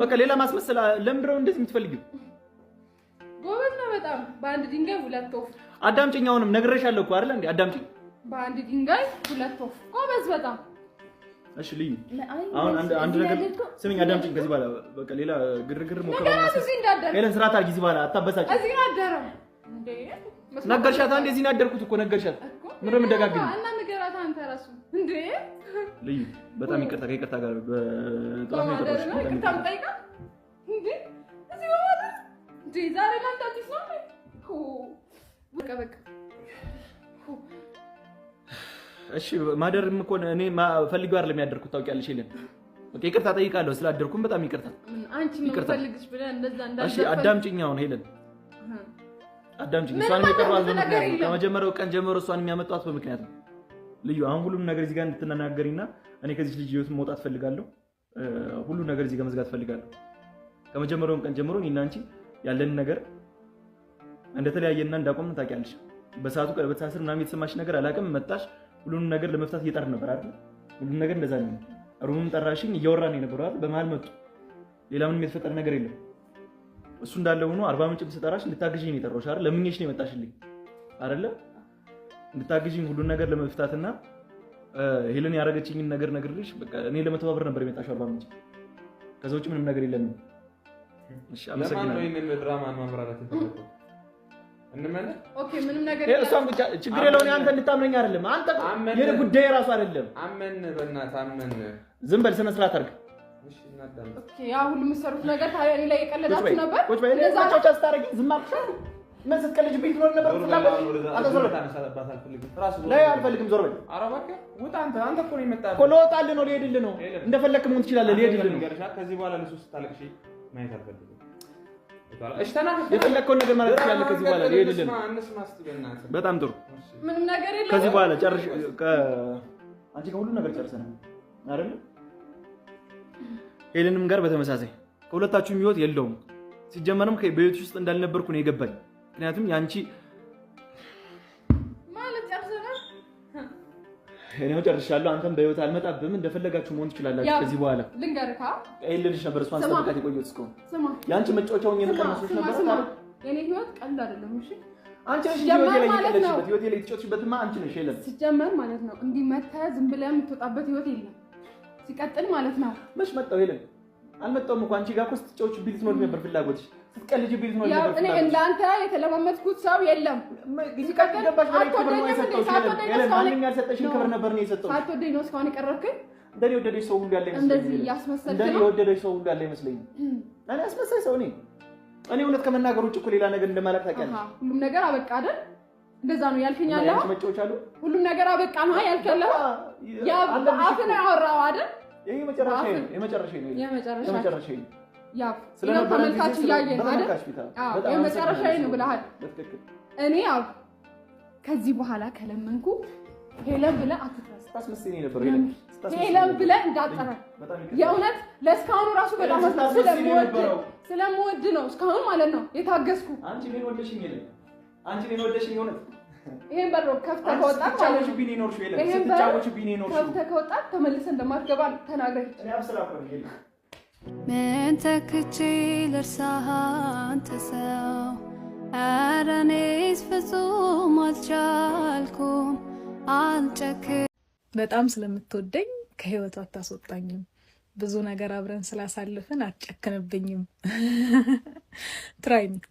በቃ ሌላ ማስመሰል ለምንድን ነው እንደዚህ የምትፈልጊው? ጎበዝ ነው በጣም በአንድ ድንጋይ ሁለት ወፍ። አዳምጪኝ፣ አሁንም ነግሬሻለሁ እኮ አይደል እንዴ? አዳምጪኝ። በአንድ ድንጋይ ሁለት ወፍ። ጎበዝ በጣም እሺ። ልዩ አሁን አንድ አንድ ነገር ስሚኝ፣ አዳምጪኝ። ከዚህ በኋላ በቃ ሌላ ግርግር ሞከራ ነው። ሄለን፣ ስርዓት አድርጊ። እዚህ በኋላ አታበሳጭ። እዚህ አደረ አደረው እንዴ? ነገርሻት አንዴ። እዚህ ነው ያደርኩት እኮ ነገርሻት። ምንም እንደጋግኝ እና ንገራት አንተ ራሱ እንዴ ልዩ በጣም ይቅርታ፣ ከይቅርታ ጋር በጣም እሺ ማደርም እኮ እኔ ፈልጌው አይደለም ያደርኩት ታውቂያለሽ። የለም ኦኬ ይቅርታ ጠይቃለሁ ስላደርኩም በጣም ይቅርታ። አንቺ ፈልግሽ ብለህ እንደዛ እንዳልሽ። እሺ አዳምጪኝ፣ አሁን ሄለን አዳምጪኝ። እሷን የቀረባት በምክንያት ነው። ከመጀመሪያው ቀን ጀምሮ እሷን የሚያመጣት በምክንያት ነው ልዩ አሁን ሁሉም ነገር እዚህ ጋር እንድትናገሪና እኔ ከዚህ ልጅ ህይወት መውጣት ፈልጋለሁ። ሁሉ ነገር እዚህ ጋር መዝጋት ፈልጋለሁ። ከመጀመሪያውም ቀን ጀምሮ እኔና አንቺ ያለን ነገር እንደተለያየና እንዳቆም ታውቂያለሽ። በሰዓቱ ቀለበት ሳስር ምናምን የተሰማሽ ነገር አላውቅም። መጣሽ፣ ሁሉንም ነገር ለመፍታት እየጣር ነበር አይደል? ሁሉም ነገር እንደዛ ነው። ሩምም ጠራሽኝ፣ እያወራን የነበረው አይደል? በመሀል መጡ። ሌላ ምንም የተፈጠረ ነገር የለም። እሱ እንዳለ ሆኖ አርባ ምንጭ ስጠራሽ እንድታግዥኝ ነው የጠራሁሽ አይደል? ለምኜሽ ነው የመጣሽልኝ አይደለ? እንድታግዥኝ ሁሉን ነገር ለመፍታትና ሄለን ያደረገችኝን ነገር ነግርልሽ እኔ ለመተባበር ነበር የመጣሽው። አርባ ምንጭ ከዛ ውጭ ምንም ነገር የለንም። ችግር የለውን አንተ እንድታምነኝ አይደለም። አንተ ጉዳይ የራሱ አይደለም። አመን በእናትህ አመን። ዝም በል ስነ ስርዓት አድርግ። ያ ሁሉ የምትሰሩት ነገር ታዲያ እኔ ላይ የቀለዳችሁ ነበር። ዝም አልኩሽ ምን ስትቀልጅ ስትቀልጅብኝ ትኖር ነበር? አልፈልግም፣ ዞር በል። ውጣ አንተ አንተ እኮ ነው የመጣህ እኮ። ልወጣልህ ነው ልሄድልህ ነው። እንደፈለግህ መሆን ትችላለህ። ልሄድልህ ነው። ከዚህ በኋላ ልሱ ስታለቅሽ ማየት አልፈልግም። የፈለግከውን ነገር ማለት ትችላለህ። ከዚህ በኋላ ልሄድልህ ነው። በጣም ጥሩ። ምንም ነገር የለም። ከዚህ በኋላ ጨርሽ። አንቺ ከሁሉ ነገር ጨርሰናል አይደል? ሄለንም ጋር በተመሳሳይ ከሁለታችሁም ህይወት የለውም። ሲጀመርም በቤት ውስጥ እንዳልነበርኩ ነው የገባኝ። ምክንያቱም ያንቺ እኔው ጨርሻለሁ። አንተም በህይወት አልመጣብህም። እንደፈለጋችሁ መሆን ትችላላችሁ። ከዚህ በኋላ ልንገርካ ይልልሽ ነበር እሷን ሰበቃት የቆየሁት እስከ ያንቺ መጫወቻውን የምቀመሱት ነበር። የኔ ህይወት ቀልድ አይደለም። እሺ አንቺ ነሽ ህይወቴ ላይ የተጫወትሽበት፣ ህይወቴ ላይ የተጫወትሽበትማ አንቺ ነሽ። የለም ሲጀመር ማለት ነው እንዲህ መተህ ዝም ብለህ የምትወጣበት ህይወት የለም። ሲቀጥል ማለት ነው መች መጣሁ? የለም አልመጣሁም እኮ አንቺ ጋር እኮ ስትጫወቺ ቢልት ኖር ነበር ፍላጎትሽ ስትቀልጂብኝ ነው ያው እኔ እንዳንተ የተለማመጥኩት ሰው የለም። ያልሰጠሽኝ ክብር ነበር ነው የሰጠሁት። ነው እስካሁን የቀረብከኝ። እንደኔ የወደደች ሰው ሁሉ ያለ አይመስለኝም። እኔ አስመሳይ ሰው ነኝ። እኔ እውነት ከመናገር ውጭ እኮ ሌላ ነገር እንደማላቅ ታውቂያለሽ። ሁሉም ነገር አበቃ አይደል? እንደዛ ነው ያልከኝ አለ። ሁሉም ነገር አበቃ ነው ያልከኝ አፍ ነው ያወራኸው አይደል? ይሄ የመጨረሻዬ ነው። የመጨረሻዬ ነው። ተመልካች እያየን የመጨረሻዬ ነው ብለሃል። እኔ ያው ከዚህ በኋላ ከለመንኩ ሄለን ብለህ ሄለን ብለህ እንዳጠረ የእውነት ለእስካሁኑ ራሱ በጣም ስለምወድ ነው እስካሁን ማለት ነው የታገዝኩ። ይሄን በር ከፍተህ ከወጣት ከወጣት ተመልሰህ እንደማትገባ ተናግረህ ምን ተክቼ ልርሳህ አንተ ኧረ እኔስ ፍጹም አልቻልኩም አልጨክ በጣም ስለምትወደኝ ከህይወቱ አታስወጣኝም። ብዙ ነገር አብረን ስላሳልፍን አትጨክንብኝም። ትራይ ሚ